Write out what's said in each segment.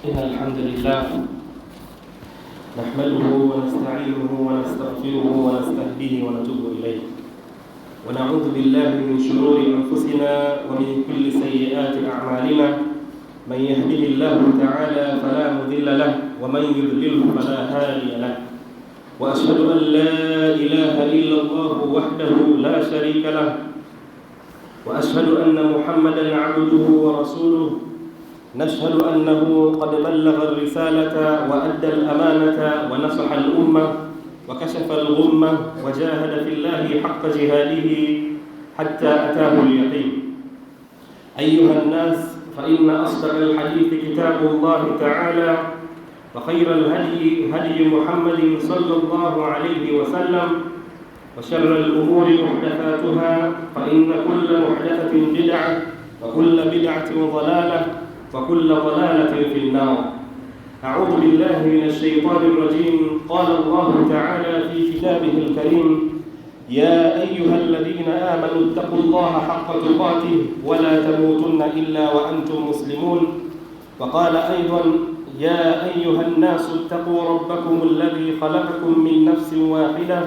إن الحمد لله نحمده ونستعينه ونستغفره ونستهديه ونتوب إليه ونعوذ بالله من شرور أنفسنا ومن كل سيئات أعمالنا من يهده الله تعالى فلا مذل له ومن يضلله فلا هادي له وأشهد أن لا إله إلا الله وحده لا شريك له وأشهد أن محمدا عبده ورسوله نشهد أنه قد بلغ الرسالة وأدى الأمانة ونصح الأمة وكشف الغمة وجاهد في الله حق جهاده حتى أتاه اليقين أيها الناس فإن أصدق الحديث كتاب الله تعالى وخير الهدي هدي محمد صلى الله عليه وسلم وشر الأمور محدثاتها فإن كل محدثة بدعة وكل بدعة ضلالة وكل ضلالة في النار أعوذ بالله من الشيطان الرجيم قال الله تعالى في كتابه الكريم يا أيها الذين آمنوا اتقوا الله حق تقاته ولا تموتن إلا وأنتم مسلمون وقال أيضا يا أيها الناس اتقوا ربكم الذي خلقكم من نفس واحدة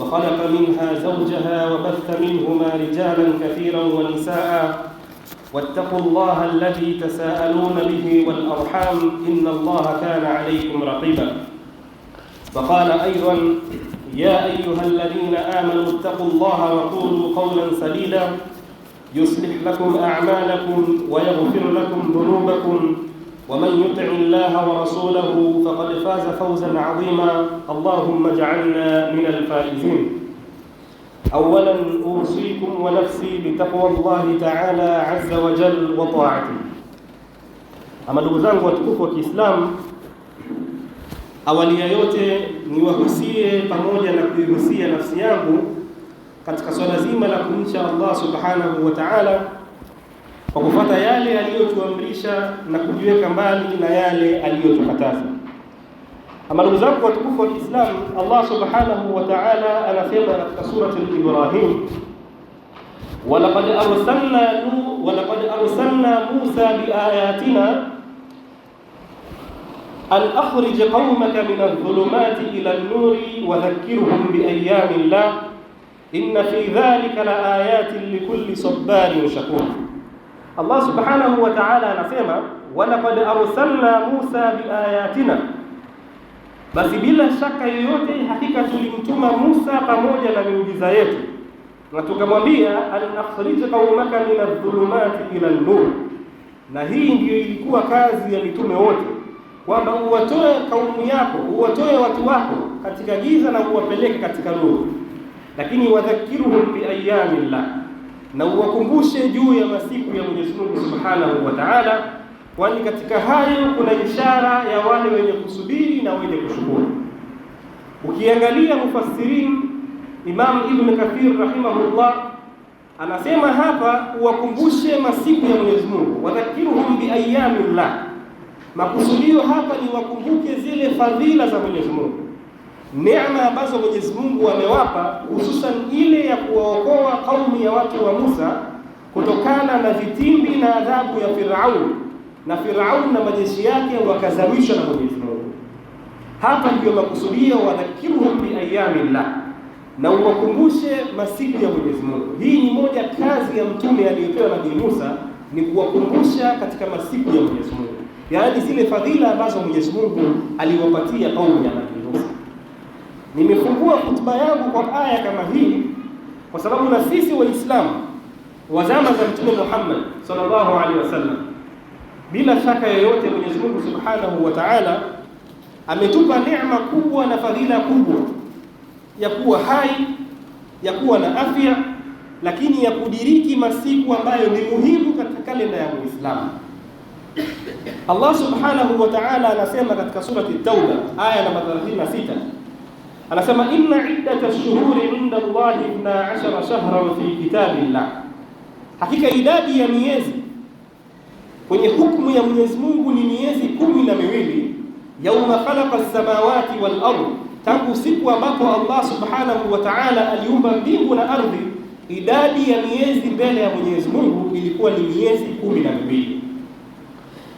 وخلق منها زوجها وبث منهما رجالا كثيرا ونساء واتقوا الله الذي تساءلون به والأرحام إن الله كان عليكم رقيبا فقال أيضا يا أيها الذين آمنوا اتقوا الله وقولوا قولا سديدا يصلح لكم أعمالكم ويغفر لكم ذنوبكم ومن يطع الله ورسوله فقد فاز فوزا عظيما اللهم اجعلنا من الفائزين اولا اوصيكم ونفسي بتقوى الله تعالى عز وجل وطاعته Ama ndugu zangu watukufu wa Kiislamu, awali ya yote pamoja na kuihusia nafsi yangu katika swala zima la kumcha Allah subhanahu wa ta'ala kwa kufuata yale aliyotuamrisha na kujiweka mbali na yale aliyotukataza. Ama ndugu zangu watukufu wa Kiislamu, Allah subhanahu wa ta'ala anasema katika surati Ibrahim, walaqad arsalna nu walaqad arsalna Musa biayatina an akhrij qaumaka min adh-dhulumati ila an-nuri wa dhakkirhum bi ayami llah inna fi dhalika la ayatin likulli sabarin shakur. Allah subhanahu wa ta'ala anasema walaqad arsalna Musa biayatina Basi bila shaka yoyote, hakika tulimtuma Musa pamoja na miujiza yetu na tukamwambia, an akhrija qaumaka min adh-dhulumati ila an-nur. Na hii ndiyo ilikuwa kazi ya mitume wote, kwamba uwatoe kaumu yako, uwatoe watu wako katika giza na uwapeleke katika nuru, lakini wadhakiruhum bi ayami llah, na uwakumbushe juu ya masiku ya Mwenyezi Mungu subhanahu wa ta'ala kwani katika hayo kuna ishara ya wale wenye kusubiri na wenye kushukuru. Ukiangalia mufassirin, Imam Ibn Kathir rahimahullah anasema hapa, uwakumbushe masiku ya Mwenyezi Mungu, wadhakiruhum biayamillah. Makusudio hapa ni wakumbuke zile fadhila za Mwenyezi Mungu, neema ambazo Mwenyezi Mungu amewapa, hususan ile ya kuwaokoa kaumu ya watu wa Musa kutokana na vitimbi na adhabu ya Firauni na Firaun na majeshi yake wakazawishwa na Mwenyezi Mungu. Hapa ndio makusudio, wadhakirhum biayamillah, na uwakumbushe masiku ya Mwenyezi Mungu. Hii ni moja kazi ya mtume aliyopewa Nabii Musa, ni kuwakumbusha katika masiku ya Mwenyezi Mungu, yaani zile fadhila ambazo Mwenyezi Mungu aliwapatia kaumu ya Nabii Musa. Nimefungua hotuba yangu kwa aya kama hii kwa sababu na sisi Waislamu wa zama za Mtume Muhammad sallallahu alaihi wasallam bila shaka yoyote, Mwenyezi Mungu Subhanahu wa Ta'ala ametupa neema kubwa na fadhila kubwa ya kuwa hai, ya kuwa na afya, lakini ya kudiriki masiku ambayo ni muhimu katika kalenda ya Muislamu. Allah Subhanahu wa Ta'ala anasema katika surati Tauba aya namba 36, anasema inna iddata ash-shuhuri inda Allahi 12 shahran fi kitabi llah hakika idadi ya miezi kwenye hukumu ya Mwenyezi Mungu ni miezi kumi na miwili, yauma khalaqa samawati wal ardh, tangu siku ambapo Allah subhanahu wa ta'ala aliumba mbingu na ardhi. Idadi ya miezi mbele ya Mwenyezi Mungu ilikuwa ni miezi kumi na miwili,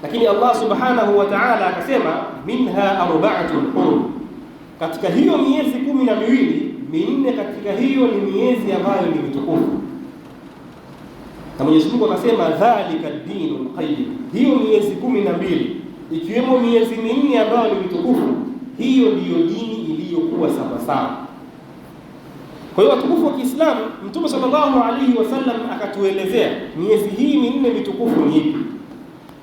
lakini Allah subhanahu wa ta'ala akasema minha arba'atun hurum, katika hiyo miezi kumi na miwili minne, katika hiyo ni miezi ambayo ni mitukufu na Mwenyezi Mungu anasema dhalika dinu qayyim, hiyo miezi kumi na mbili ikiwemo miezi minne ambayo ni mitukufu, hiyo ndiyo dini iliyokuwa sawasawa. Kwa hiyo watukufu wa Kiislamu, Mtume sallallahu alaihi wasallam akatuelezea miezi hii minne mitukufu ni ipi.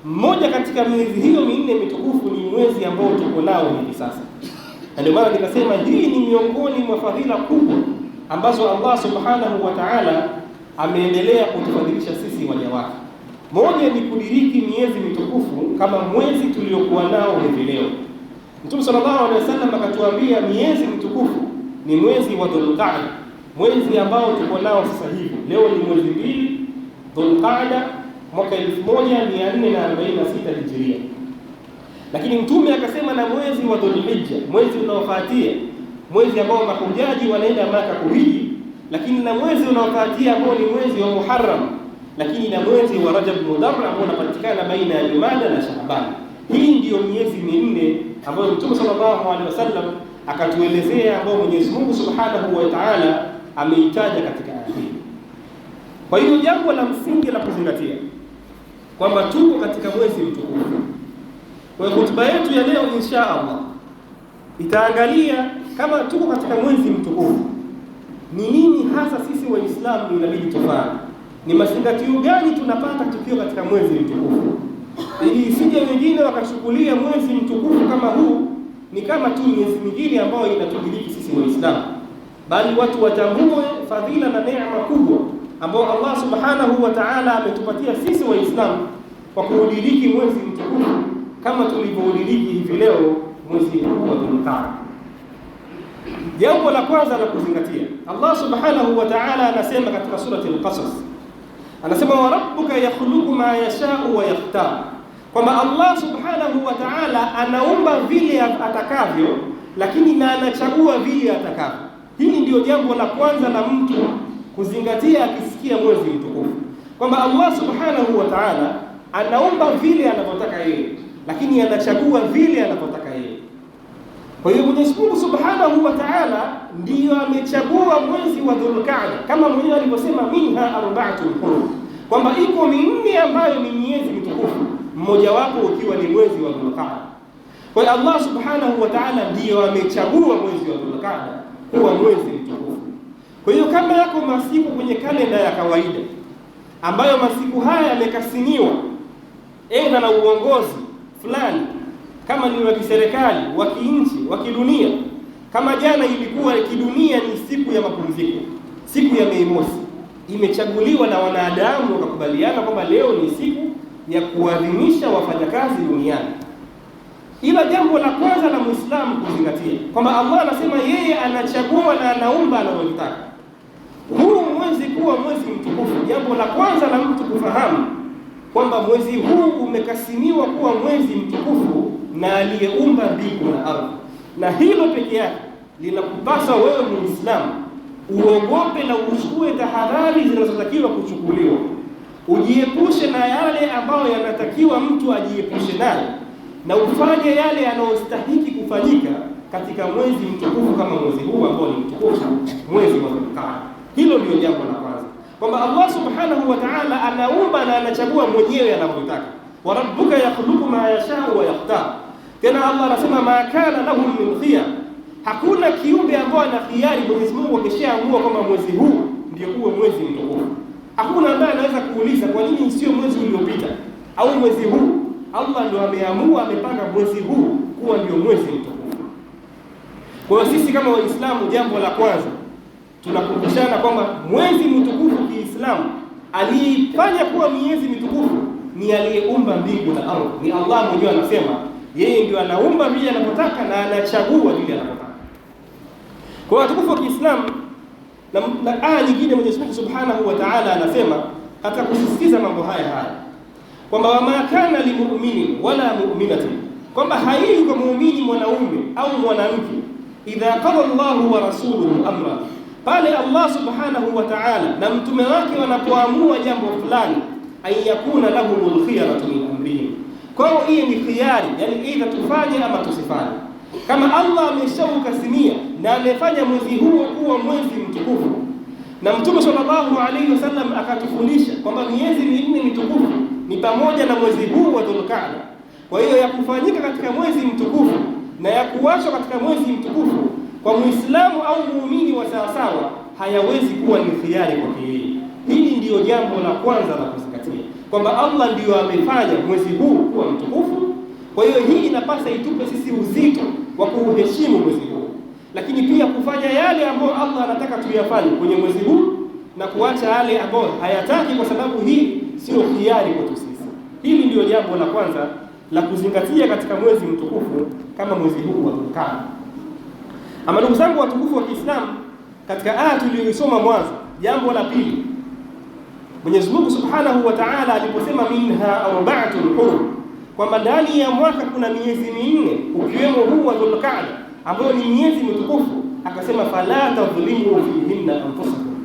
Mmoja katika miezi hiyo minne mitukufu ni mwezi ambao tuko nao hivi sasa, na ndio maana nikasema hii ni miongoni mwa fadhila kubwa ambazo Allah subhanahu wa ta'ala ameendelea kutufadhilisha sisi waja wake. Moja ni kudiriki miezi mitukufu kama mwezi tuliokuwa nao hivi leo. Mtume sallallahu alaihi wasallam akatuambia miezi mitukufu ni mwezi wa Dhulqaada, mwezi ambao tuko nao sasa hivi. Leo ni mwezi mbili Dhulqaada mwaka 1446 Hijria, lakini mtume akasema na mwezi wa Dhulhijja, mwezi unaofuatia, mwezi ambao mahujaji wanaenda Maka kuhiji lakini na mwezi unaofuatia ambao ni mwezi wa Muharram, lakini na mwezi wa Rajab Mudarram ambao unapatikana baina ya Jumada na Shaaban. Hii ndiyo miezi minne ambayo Mtume sallallahu alaihi wasallam akatuelezea, ambao Mwenyezi Mungu Subhanahu wa Ta'ala ameitaja katika aya hii. Kwa hiyo jambo la msingi la kuzingatia kwamba tuko katika mwezi mtukufu. Kwa hiyo hotuba yetu ya leo insha Allah itaangalia kama tuko katika mwezi mtukufu ni nini hasa sisi Waislamu inabidi tufanye, ni mazingatio gani tunapata tukiwa katika mwezi mtukufu, ili isije wengine wakachukulia mwezi mtukufu kama huu ni kama tu miezi mingine ambayo inatudiriki sisi Waislamu, bali watu watambue fadhila na neema kubwa ambao Allah subhanahu wa ta'ala ametupatia sisi Waislamu kwa kuudiriki mwezi mtukufu kama tulivyoudiriki hivi leo mwezi huu wa Dhulqaada. Jambo la kwanza la kuzingatia, Allah subhanahu wa ta'ala anasema katika surati Al-Qasas, anasema wa rabbuka yakhluqu ma yasha'u wa yakhtar, kwamba Allah subhanahu wa ta'ala anaumba vile atakavyo, lakini na anachagua vile atakavyo. Hili ndio jambo la kwanza la mtu kuzingatia akisikia mwezi mtukufu, kwamba Allah subhanahu wa ta'ala anaumba vile anavyotaka yeye, lakini anachagua vile anavyotaka yeye. Kwa hiyo Mwenyezi Mungu Subhanahu wa Ta'ala ndiyo amechagua mwezi wa Dhulqa'dah kama mwenyewe alivyosema, minha arba'atu hurum, kwamba iko minne ambayo ni miezi mitukufu, mmojawapo ukiwa ni mwezi wa Dhulqa'dah. Kwa hiyo Allah Subhanahu wa Ta'ala ndiyo amechagua mwezi wa Dhulqa'dah kuwa mwezi mtukufu. Kwa hiyo kama yako masiku kwenye kalenda ya kawaida ambayo masiku haya yamekasiniwa, enda na uongozi fulani kama ni wa kiserikali, wa kinchi, wa kidunia. Kama jana ilikuwa kidunia ni siku ya mapumziko, siku ya Mei Mosi imechaguliwa na wanadamu wakakubaliana kwamba leo ni siku ya kuadhimisha wafanyakazi duniani. Ila jambo la kwanza la Muislamu kuzingatia kwamba Allah anasema yeye anachagua na anaumba anavyotaka. Huu mwezi kuwa mwezi mtukufu, jambo la kwanza la mtu kufahamu kwamba mwezi huu umekasimiwa kuwa mwezi mtukufu na aliyeumba mbingu na ardhi, na hilo peke yake linakupasa wewe Muislamu uogope na uchukue tahadhari zinazotakiwa kuchukuliwa, ujiepushe na yale ambayo yanatakiwa mtu ajiepushe nayo, na ufanye yale yanayostahiki kufanyika katika mwezi mtukufu kama mwezi huu ambao ni mtukufu, mwezi wa Dhulqaada. Hilo ndio jambo la kwamba Allah subhanahu wa ta'ala anaumba na anachagua mwenyewe anavyotaka, wa rabbuka yakhluqu ma yashau wa yakhtar. Tena Allah anasema ma kana lahu min khiyar, hakuna kiumbe ambaye ana khiari. Mwenyezi Mungu akishaamua kwamba mwezi huu ndio uwe mwezi mtukufu, hakuna ambaye anaweza kuuliza kwa nini sio mwezi uliopita au mwezi huu. Allah ndio ameamua, amepanga mwezi huu kuwa ndio mwezi mtukufu. Kwa hiyo sisi kama Waislamu, jambo la kwanza tunakumbushana kwamba mwezi mtukufu Kiislamu aliyefanya kuwa miezi mitukufu ni aliyeumba mbingu na ardhi, ni Allah mwenyewe anasema yeye ndio anaumba vile anapotaka na anachagua vile anapotaka. Kwa hiyo watukufu wa Kiislamu na, na aya nyingine Mwenyezi Mungu Subhanahu wa Ta'ala anasema katika kusisitiza mambo haya haya kwamba wama kana limu'minin wala mu'minatin, kwamba haii kwa muumini mwanaume au mwanamke idha qada Allahu wa rasuluhu amra pale Allah subhanahu wa ta'ala na mtume wake wanapoamua jambo fulani, anyakuna lahumul khiyaratu min amrihim, kwao hii ni khiyari, yani aidha tufanye ama tusifanye. Kama Allah ameshaukasimia na amefanya mwezi huo kuwa mwezi mtukufu, na mtume sallallahu alayhi wasallam akatufundisha kwamba miezi minne mitukufu ni pamoja na mwezi huu wa Dhulqaada. Kwa hiyo ya kufanyika katika mwezi mtukufu na ya katika mwezi mtukufu kwa muislamu au muumini wa sawasawa hayawezi kuwa ni khiari kwake yeye. Hili ndiyo jambo la kwanza la kuzingatia, kwamba Allah ndiyo amefanya mwezi huu kuwa mtukufu. Kwa hiyo hii inapasa itupe sisi uzito wa kuuheshimu mwezi huu, lakini pia kufanya yale ambayo Allah anataka tuyafanye kwenye mwezi huu na kuacha yale ambayo hayataki, kwa sababu hii sio khiari kwetu sisi. Hili ndiyo jambo la kwanza la kuzingatia katika mwezi mtukufu kama mwezi huu wa Dhulqaada. Ama ndugu zangu watukufu wa Kiislamu, katika aya tuliyoisoma mwanzo, jambo la pili, Mwenyezi Mungu Subhanahu wa Ta'ala aliposema minha arba'atun hurum, kwamba ndani ya mwaka kuna miezi minne ukiwemo huu wa Dhulqaada ambayo ni miezi mitukufu, akasema fala tadhlimu fihinna anfusakum,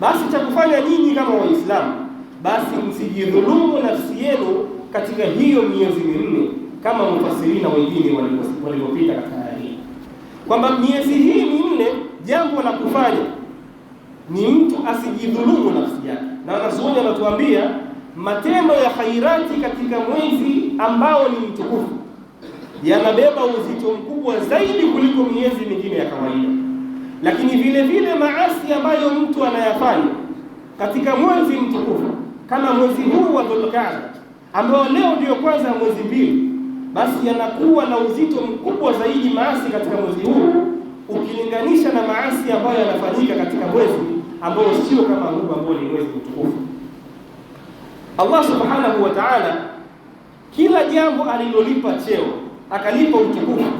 basi cha kufanya nyinyi kama Waislamu, basi msijidhulumu nafsi yenu katika hiyo miezi minne, kama mufasirina wengine walivyopita katika kwamba miezi hii minne jambo la kufanya ni mtu asijidhulumu nafsi yake, na wanazuoni wanatuambia matendo ya khairati katika mwezi ambao ni mtukufu yanabeba uzito mkubwa zaidi kuliko miezi mingine ya kawaida, lakini vile vile maasi ambayo mtu anayafanya katika mwezi mtukufu kama mwezi huu wa Dhulqaada ambao leo ndio kwanza mwezi mbili basi yanakuwa na uzito mkubwa zaidi maasi katika mwezi huu ukilinganisha na maasi ambayo yanafanyika katika mwezi ambao sio kama huu ambao ni mwezi mtukufu. Allah subhanahu wa ta'ala, kila jambo alilolipa cheo akalipa utukufu,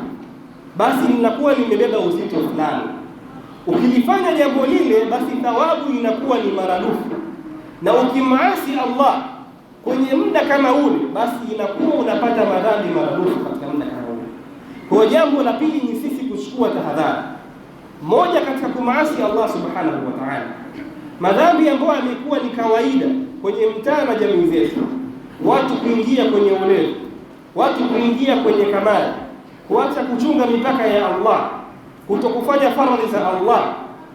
basi linakuwa limebeba uzito fulani. Ukilifanya jambo lile, basi thawabu inakuwa ni maradufu, na ukimaasi Allah kwenye muda kama ule, basi inakuwa unapata madhambi marudufu katika muda kama ule. Kwa jambo la pili ni sisi kuchukua tahadhari. Moja katika kumaasi Allah subhanahu wa ta'ala, madhambi ambayo yamekuwa ni kawaida kwenye mtaa na jamii zetu, watu kuingia kwenye ulevi, watu kuingia kwenye kamari, kuacha kuchunga mipaka ya Allah, kutokufanya faradhi za Allah,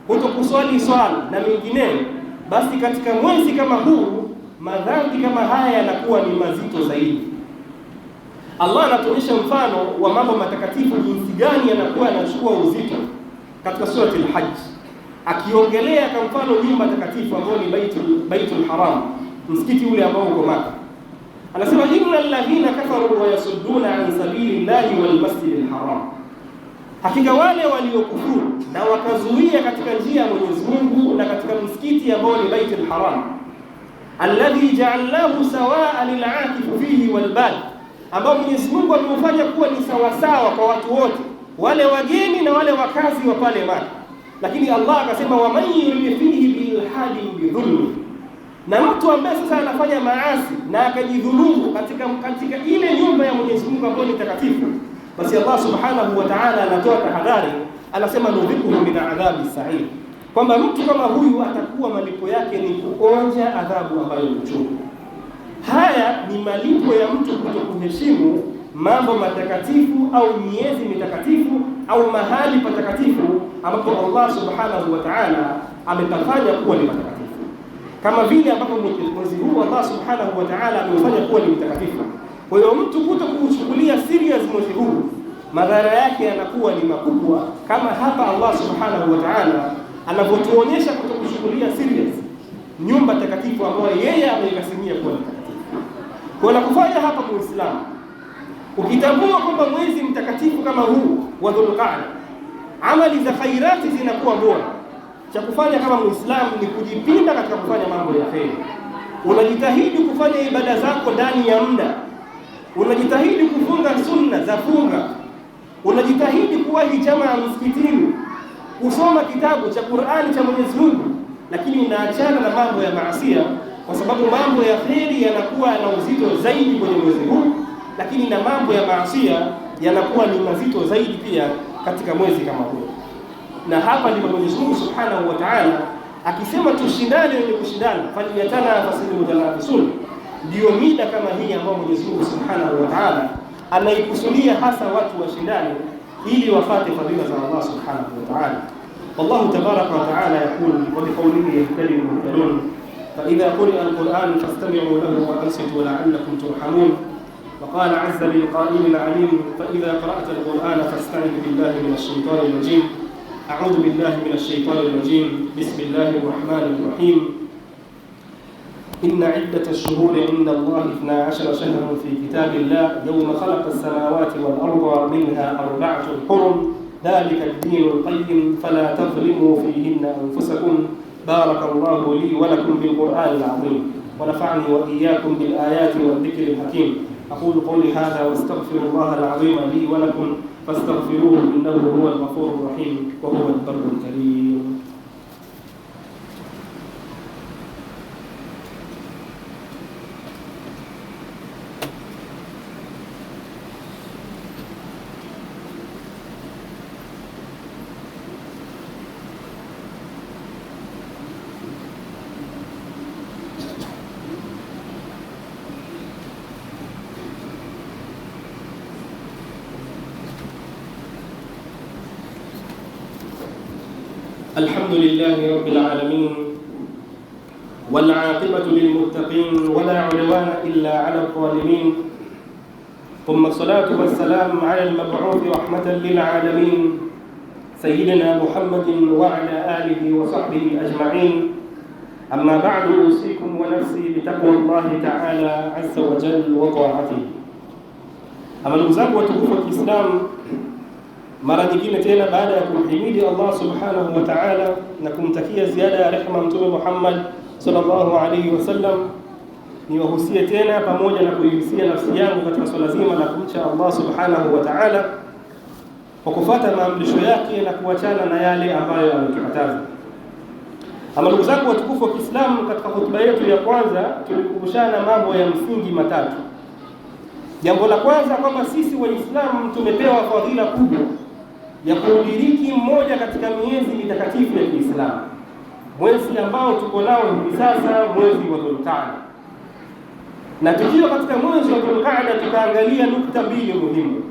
kutokuswali swala na mengineyo, basi katika mwezi kama huu madhambi kama haya yanakuwa ni mazito zaidi. Allah anatuonyesha mfano wa mambo matakatifu jinsi gani yanakuwa yanachukua uzito katika surati al-Hajj, akiongelea kwa mfano nyumba takatifu ambayo ni Baitul Baitul Haram, msikiti ule ambao uko Maka. Anasema inna alladhina kafaru wa yasudduna an sabilillahi wal masjidil haram, hakika wale waliokufuru na wakazuia katika njia ya Mwenyezi Mungu na katika msikiti ambao ni Baitul Haram alladhi ja'alnahu sawaa lil'akifi fihi walbali, ambao Mwenyezi Mungu ameufanya kuwa ni sawasawa kwa watu wote, wale wageni na wale wakazi wa pale Maka. Lakini Allah akasema waman yurid fihi bilhadi bidhulmi, na mtu ambaye sasa anafanya maasi na akajidhulumu katika katika ile nyumba ya Mwenyezi Mungu ambayo ni takatifu, basi Allah subhanahu wa ta'ala anatoa tahadhari, anasema nudhikuhu min adhabi sa'ir kwamba mtu kama huyu atakuwa malipo yake ni kuonja adhabu ambayo ni Haya ni malipo ya mtu kuto kuheshimu mambo matakatifu au miezi mitakatifu au mahali patakatifu ambapo Allah subhanahu wa ta'ala amepafanya kuwa ni matakatifu, kama vile ambapo mwezi huu Allah subhanahu wa ta'ala amefanya kuwa ni mtakatifu. Kwa hiyo mtu kuto kuuchukulia serious mwezi huu, madhara yake yanakuwa ni makubwa, kama hapa Allah subhanahu wa ta'ala anavyotuonyesha kutokuchukulia serious nyumba takatifu ambayo yeye ameikasimia kuwa takatifu. Kwa la kufanya hapa Muislamu, ukitambua kwamba mwezi mtakatifu kama huu wa Dhulqaada, amali za khairati zinakuwa bora. Cha kufanya kama Muislamu ni kujipinda katika kufanya mambo ya kheri. Unajitahidi kufanya ibada zako ndani ya muda, unajitahidi kufunga sunna za funga, unajitahidi kuwahi jamaa msikitini kusoma kitabu cha Qur'ani cha Mwenyezi Mungu, lakini inaachana na mambo ya maasia, kwa sababu mambo ya kheri yanakuwa na uzito zaidi kwenye mwezi huu, lakini na mambo ya maasia yanakuwa ni mazito zaidi pia katika mwezi kama huu. Na hapa ndipo Mwenyezi Mungu Subhanahu wa Ta'ala akisema tushindane wenye kushindana, falyatanafasilmutanafisun. Ndiyo mida kama hii ambayo Mwenyezi Mungu Subhanahu wa Ta'ala anaikusudia hasa watu washindane ili wafate fadhila za الله سبحانه وتعالى والله تبارك وتعالى يقول وبقوله يهتدي المهتدون فإذا قرئ القرآن فاستمعوا له وأنصتوا لعلكم ترحمون وقال عز للقائل العليم فإذا قرأت القرآن فاستعن بالله من الشيطان الرجيم أعوذ بالله من الشيطان الرجيم بسم الله الرحمن الرحيم إن عدة الشهور عند الله اثنا عشر شهرا في كتاب الله يوم خلق السماوات والأرض منها أربعة حرم ذلك الدين القيم فلا تظلموا فيهن أنفسكم بارك الله لي ولكم بالقرآن العظيم ونفعني وإياكم بالآيات والذكر الحكيم أقول قولي هذا واستغفر الله العظيم لي ولكم فاستغفروه إنه هو الغفور الرحيم وهو البر الكريم الحمد لله رب العالمين والعاقبة للمتقين ولا عدوان إلا على الظالمين ثم الصلاة والسلام على المبعوث رحمة للعالمين سيدنا محمد وعلى آله وصحبه أجمعين أما بعد أوصيكم ونفسي بتقوى الله تعالى عز وجل وطاعته. أما الأخوة وتقوى الإسلام Mara nyingine tena baada ya kumhimidi Allah subhanahu wa ta'ala na kumtakia ziada ya rehema Mtume Muhammad sallallahu alaihi wasallam, niwahusie tena pamoja na kuihusia nafsi yangu katika swala zima la kumcha Allah subhanahu wa ta'ala kwa kufuata maamrisho yake na kuachana na yale ambayo ametukataza. Ama ndugu zangu watukufu wa Kiislamu, katika hotuba yetu ya kwanza tulikumbushana mambo ya msingi matatu. Jambo la kwanza kwamba sisi Waislamu tumepewa fadhila kubwa ya kuudiriki mmoja katika miezi mitakatifu ya Kiislamu, mwezi ambao tuko nao hivi sasa, mwezi wa Dhulqaada. Na tukiwa katika mwezi wa Dhulqaada, tutaangalia nukta mbili muhimu.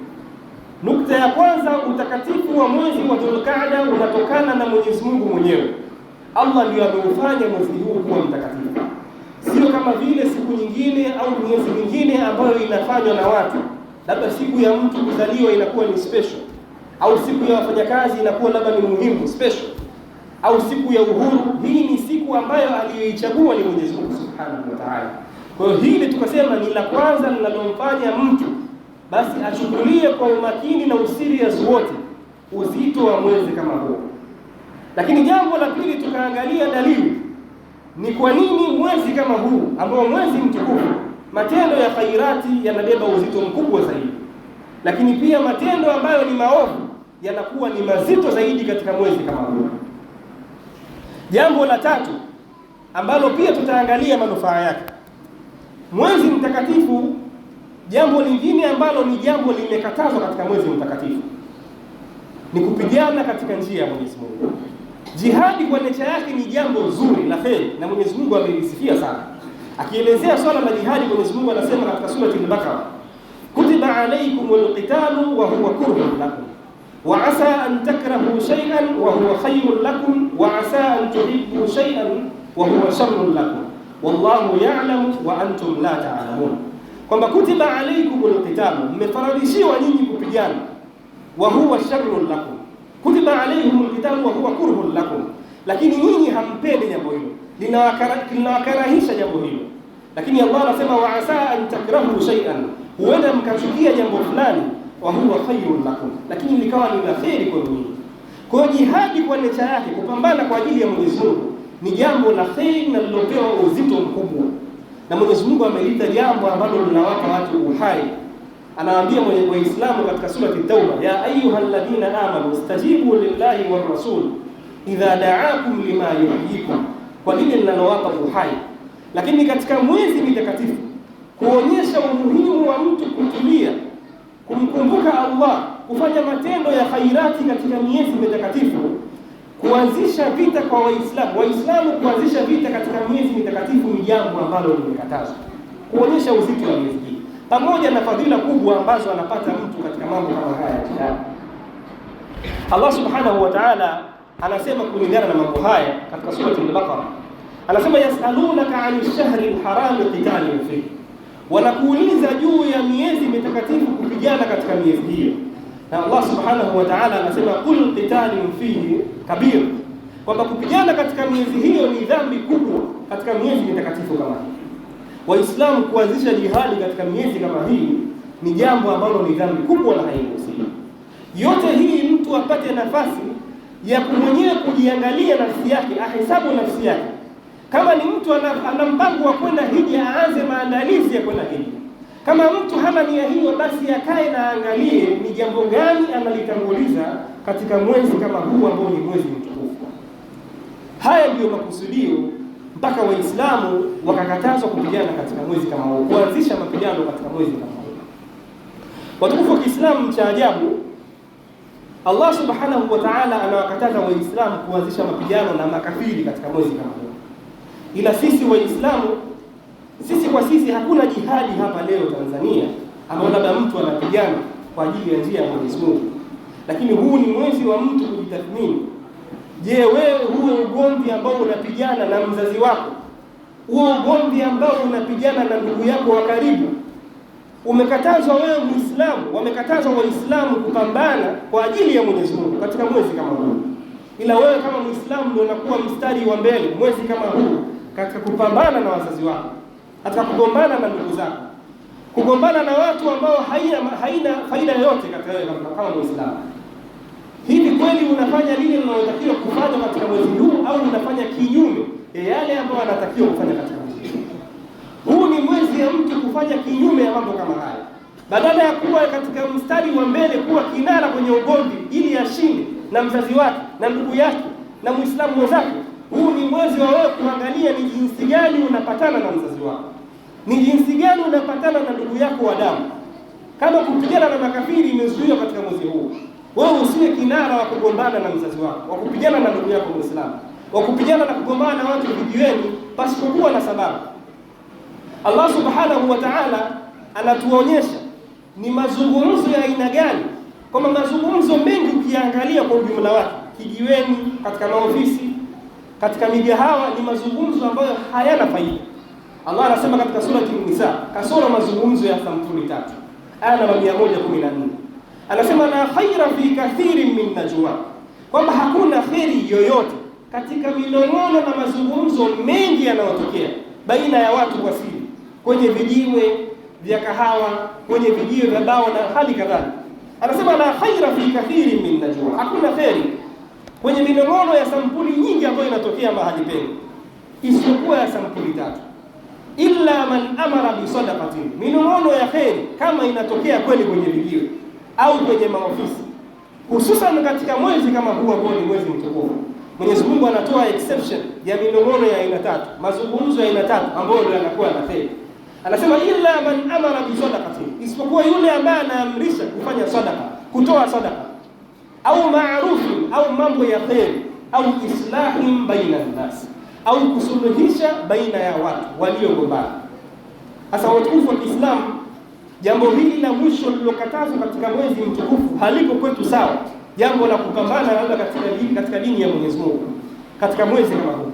Nukta ya kwanza, utakatifu wa mwezi wa Dhulqaada unatokana na Mwenyezi Mungu mwenyewe. Allah ndiyo ameufanya mwezi huu kuwa mtakatifu, sio kama vile siku nyingine au miezi mingine ambayo inafanywa na watu, labda siku ya mtu kuzaliwa inakuwa ni special au siku ya wafanyakazi inakuwa labda ni muhimu special, au siku ya uhuru. Hii ni siku ambayo aliyoichagua ni Mwenyezi Mungu Subhanahu wa Ta'ala. Kwa hiyo hili tukasema ni la kwanza linalomfanya mtu basi achukulie kwa umakini na usirias wote uzito wa mwezi kama huo. Lakini jambo la pili tukaangalia dalili ni kwa nini mwezi kama huu ambao mwezi mtukufu matendo ya khairati yanabeba uzito mkubwa zaidi lakini pia matendo ambayo ni maovu yanakuwa ni mazito zaidi katika mwezi kama huu. Jambo la tatu ambalo pia tutaangalia manufaa yake, mwezi mtakatifu. Jambo lingine ambalo ni jambo limekatazwa katika mwezi mtakatifu ni kupigana katika njia ya Mwenyezi Mungu. Jihadi kwa necha yake ni jambo zuri la kheri, na Mwenyezi Mungu amelisifia sana akielezea swala la jihadi. Mwenyezi Mungu anasema katika surati al-Baqara kutiba alaykumul qitalu wa huwa kurhun lakum wa asa an takrahu shay'an wa huwa khayrun lakum wa asa an tuhibbu shay'an wa huwa sharrun lakum wallahu ya'lamu wa antum la ta'lamun, kwamba kutiba alaykumul qitalu, mmefaradishiwa nyinyi kupigana, wa huwa sharrun lakum, kutiba alaykumul qitalu wa huwa kurhun lakum, lakini nyinyi hampendi jambo hilo, linawakarahisha jambo hilo. Lakini Allah anasema wa asa an takrahu shay'an huenda mkachukia jambo fulani wa huwa khairun lakum, lakini likawa ni la kheri kwenu nyinyi. Kwa hiyo jihadi kwa necha yake, kupambana kwa ajili ya Mwenyezi Mungu ni jambo la kheri na lilopewa uzito mkubwa, na Mwenyezi Mungu ameliita jambo ambalo linawapa watu uhai. Anawaambia Waislamu katika ya Tauba, ya alladhina amanu stajibu lillahi wa rasul idha da'akum lima yuhyikum, kwa lile linalowapa uhai. Lakini katika mwezi mitakatifu kuonyesha umuhimu wa mtu kutulia, kumkumbuka Allah, kufanya matendo ya khairati katika miezi mitakatifu, kuanzisha vita kwa Waislamu. Waislamu kuanzisha vita katika miezi mitakatifu ni jambo ambalo limekatazwa, kuonyesha uzito wa miezi hii pamoja na fadhila kubwa ambazo anapata mtu katika mambo kama haya Allah subhanahu wa ta'ala anasema kulingana na mambo haya katika surati Al-Baqara, anasema yasalunaka ani shahri lharami qitalin fihi wanakuuliza juu ya miezi mitakatifu kupigana katika miezi hiyo, na Allah subhanahu wa ta'ala anasema kul qitalun fihi kabir, kwamba kupigana katika miezi hiyo ni dhambi kubwa katika miezi mitakatifu kama hii. Waislamu kuanzisha jihadi katika miezi kama hii ni jambo ambalo ni dhambi kubwa na hairuhusiwi. Yote hii mtu apate nafasi ya mwenyewe kujiangalia nafsi yake, ahesabu nafsi yake kama ni mtu ana mpango wa kwenda hija, aanze maandalizi ya kwenda hija. Kama mtu hana nia hiyo, basi akae na angalie ni jambo gani analitanguliza katika mwezi kama huu ambao ni mwezi mtukufu. Haya ndiyo makusudio mpaka Waislamu wakakatazwa kupigana katika mwezi kama huu, kuanzisha mapigano katika mwezi kama huu. Watukufu wa Kiislamu, cha ajabu Allah subhanahu wa ta'ala anawakataza Waislamu kuanzisha mapigano na makafiri katika mwezi kama huu. Ila sisi Waislamu, sisi kwa sisi, hakuna jihadi hapa leo Tanzania ambao labda mtu anapigana kwa ajili ya njia ya Mwenyezi Mungu, lakini huu ni mwezi wa mtu kujitathmini. Je, wewe huo ugomvi ambao unapigana na mzazi wako, huo ugomvi ambao unapigana na ndugu yako wa karibu, umekatazwa wewe Muislamu, wamekatazwa Waislamu kupambana kwa ajili ya Mwenyezi Mungu katika mwezi kama huu. Ila wewe kama Muislamu ndio unakuwa mstari wa mbele mwezi kama huu katika kupambana na wazazi wako, katika kugombana na ndugu zako, kugombana na watu ambao haina, haina faida yoyote katika wewe kama Muislamu. Hivi kweli unafanya lile linalotakiwa kufanya katika mwezi huu au unafanya kinyume ya yale ambayo anatakiwa kufanya katika mwezi huu? Ni mwezi ya mtu kufanya kinyume ya mambo kama haya, badala ya kuwa katika mstari wa mbele, kuwa kinara kwenye ugomvi ili ashinde na mzazi wake na ndugu yake na Muislamu mwenzake huu ni mwezi wa wewe kuangalia ni jinsi gani unapatana na mzazi wako, ni jinsi gani unapatana na ndugu yako wa damu. Kama kupigana na makafiri imezuiwa katika mwezi huu, wewe usiwe kinara wa kugombana na mzazi wako, wa kupigana na ndugu yako Muislamu, wa kupigana na kugombana na watu vijiweni pasipokuwa na sababu. Allah subhanahu wa ta'ala anatuonyesha ni mazungumzo ya aina gani, kwamba mazungumzo mengi ukiangalia kwa ujumla wake, kijiweni, katika maofisi katika migahawa ni mazungumzo ambayo hayana faida. Allah anasema katika surati Nisa, kasoro mazungumzo ya tatu aya namba 114 anasema la khaira fi kathirin min najwa, kwamba hakuna kheri yoyote katika minong'ono na mazungumzo mengi yanayotokea baina ya watu kwa siri, kwenye vijiwe vya kahawa, kwenye vijiwe vya dawa na hali kadhalika. Anasema la khaira fi kathirin min najwa, hakuna kheri kwenye minong'ono ya sampuli nyingi ambayo inatokea mahali pengi, isipokuwa ya sampuli tatu, illa man amara bi bisadaqatin. Minong'ono ya kheri kama inatokea kweli kwenye vijiwe au kwenye maofisi, hususan katika mwezi kama huu ambao ni mwezi mtukufu, Mwenyezi Mungu anatoa exception ya minong'ono ya aina tatu, mazungumzo ya aina tatu ambayo ndio yanakuwa na kheri. Anasema illa man amara bi bisadaqatin, isipokuwa yule ambaye anaamrisha kufanya sadaqa, kutoa sadaqa au maarufu au mambo ya kheri au islahin baina nnas, au kusuluhisha baina ya watu waliogombana. Sasa watukufu wa Kiislamu, jambo hili la mwisho lilokatazwa katika mwezi mtukufu haliko kwetu sawa, jambo la kupambana labda katika dini, katika dini ya Mwenyezi Mungu katika mwezi kama huu.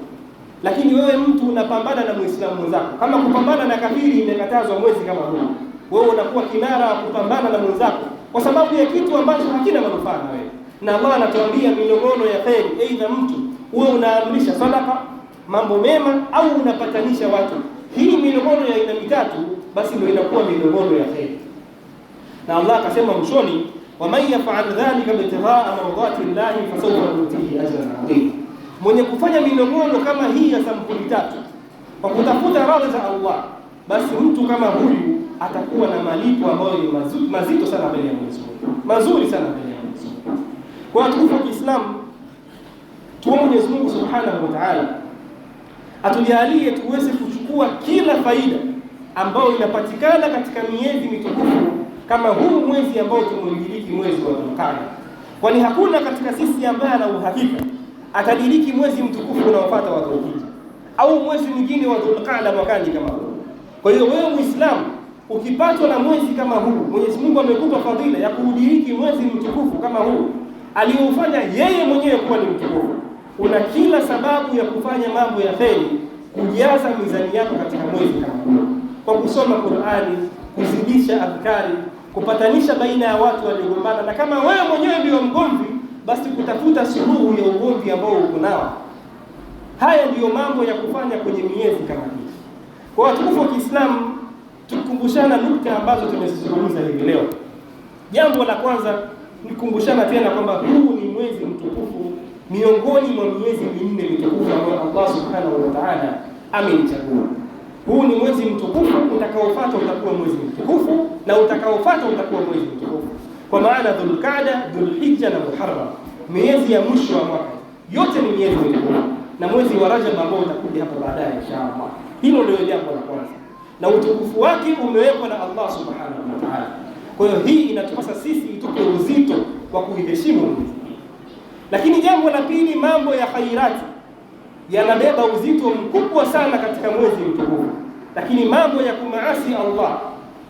Lakini wewe mtu unapambana na muislamu mwenzako, kama kupambana na kafiri imekatazwa mwezi kama huu, wewe unakuwa kinara kupambana na mwenzako kwa sababu ya kitu ambacho hakina manufaa na wewe na Allah anatuambia minong'ono ya kheri, aidha mtu uwe unaamrisha sadaka, mambo mema, au unapatanisha watu. Hii minong'ono ya aina mitatu basi ndio inakuwa minong'ono ya kheri. Na Allah akasema mwishoni, man yafal dhalika btighaa mardhati llahi fasawfa nutihi ajran adhim, mwenye kufanya minong'ono kama hii ya sampuli tatu kwa kutafuta radhi za Allah, basi mtu kama huyu atakuwa na malipo ambayo ni mazito sana mbele ya Mwenyezi Mungu, mazuri sana mbele kwa watukufu wa Kiislamu, tuombe Mwenyezi Mungu Subhanahu wa Ta'ala atujalie tuweze kuchukua kila faida ambayo inapatikana katika miezi mitukufu kama huu mwezi ambao tumeudiriki, mwezi wa Dhulqaada, kwani hakuna katika sisi ambaye ana uhakika atadiriki mwezi mtukufu unaopata wa Dhulhijja au mwezi mwingine wa Dhulqaada mwakani kama huu. Kwa hiyo wewe Muislamu ukipatwa na mwezi kama huu, Mwenyezi Mungu amekupa fadhila ya kuudiriki mwezi mtukufu kama huu aliyoufanya yeye mwenyewe kuwa ni mtukufu. Una kila sababu ya kufanya mambo ya kheri, kujaza mizani yako katika mwezi kama kwa kusoma Qur'ani, kuzidisha adhkari, kupatanisha baina ya watu waliogombana, na kama wewe mwenyewe ndio mgomvi, basi kutafuta suluhu ya ugomvi ambao uko nao. Haya ndiyo mambo ya kufanya kwenye miezi kama hii. Kwa watukufu wa Kiislamu, tukumbushana nukta ambazo tumezizungumza hivi leo. Jambo la kwanza nikumbushana tena kwamba huu ni mwezi mtukufu miongoni mwa miezi minne mitukufu ambayo Allah subhanahu wa ta'ala amenichagua. Huu ni mwezi mtukufu, utakaofuata utakuwa mwezi mtukufu na utakaofuata utakuwa mwezi mtukufu, kwa maana Dhulqaada, Dhulhijja na Muharram, miezi ya mwisho wa mwaka yote ni miezi mitukufu, na mwezi wa Rajab ambao utakuja hapo baadaye inshallah. Hilo ndio jambo la kwanza, na utukufu wake umewekwa na Allah subhanahu wa ta'ala kwa hiyo hii inatupasa sisi itupe uzito wa kuiheshimu Mungu. Lakini jambo la pili, mambo ya khairati yanabeba uzito mkubwa sana katika mwezi mtukufu, lakini mambo ya kumaasi Allah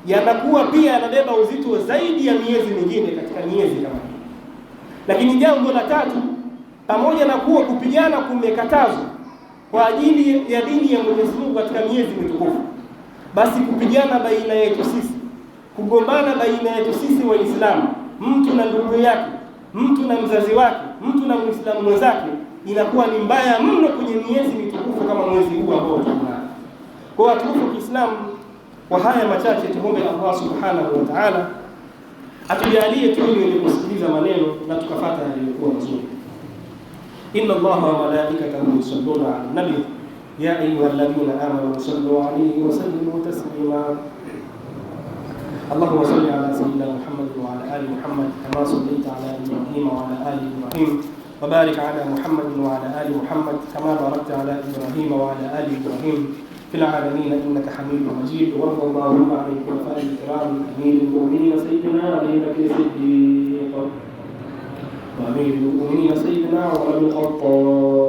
yanakuwa pia yanabeba uzito zaidi ya miezi mingine katika miezi kama hii. Lakini jambo la tatu, pamoja na kuwa kupigana kumekatazwa kwa ajili ya dini ya Mwenyezi Mungu katika miezi mitukufu, basi kupigana baina yetu sisi kugombana baina yetu sisi Waislamu, mtu na ndugu yake, mtu na mzazi wake, mtu na Muislamu mwenzake, inakuwa ni mbaya mno kwenye miezi mitukufu kama mwezi huu ambao tunao. Kwa watukufu wa Kiislamu, kwa haya machache tuombe Allah subhanahu wa ta'ala atujalie ni wenye kusikiliza maneno na tukafata yaliyokuwa mazuri. Inna Allaha wa malaikatahu yusalluna ala nabi ya ayyuhalladhina amanu sallu alayhi wa sallimu taslima اللهم صل على سيدنا محمد وعلى آل محمد كما صليت على إبراهيم وعلى آل إبراهيم وبارك على محمد وعلى آل محمد كما باركت على إبراهيم وعلى آل إبراهيم في العالمين إنك حميد مجيد وارض اللهم عن الخلفاء الكرام أمير المؤمنين سيدنا أبي بكر الصديق وأمير المؤمنين سيدنا عمر بن الخطاب